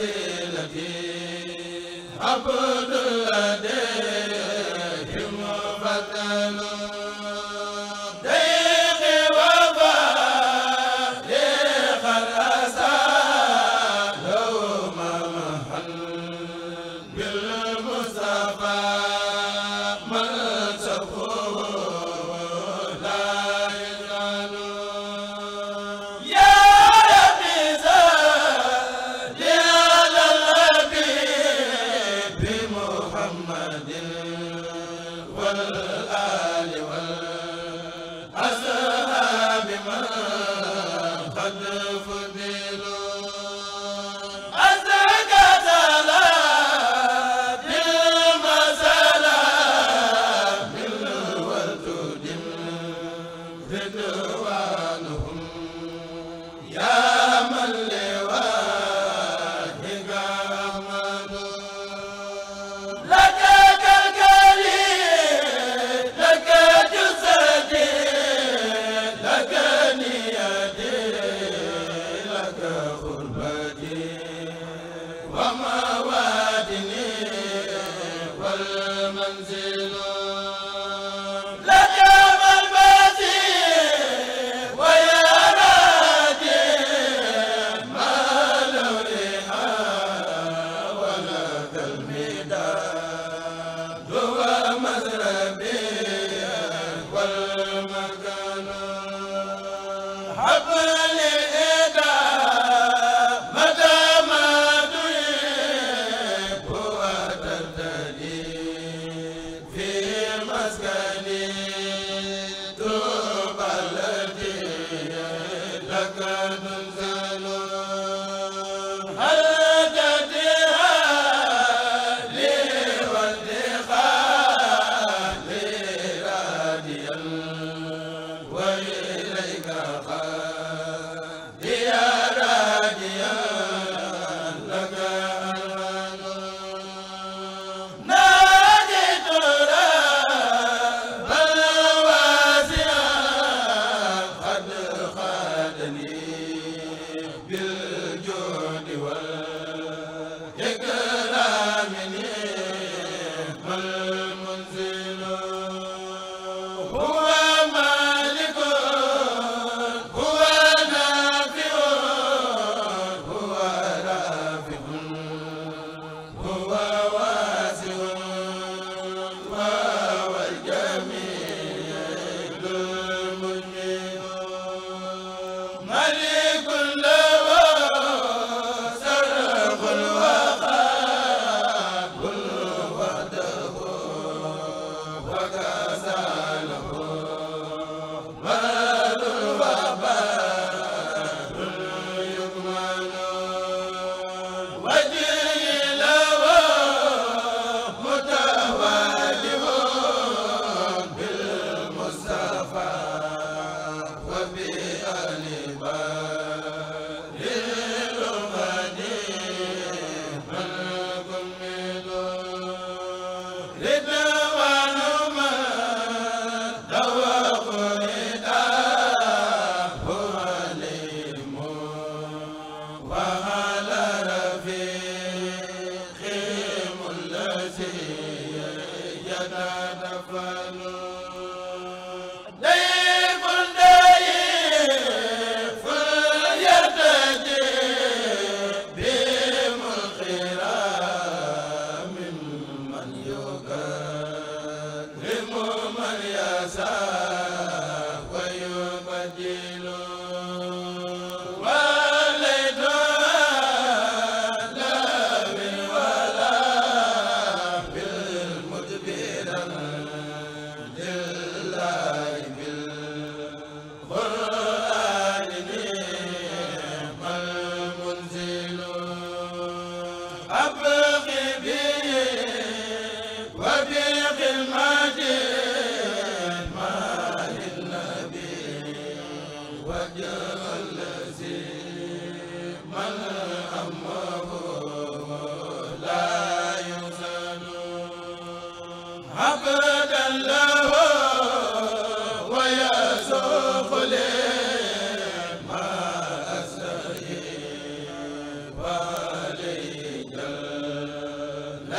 wasilati abdu qad a bi sa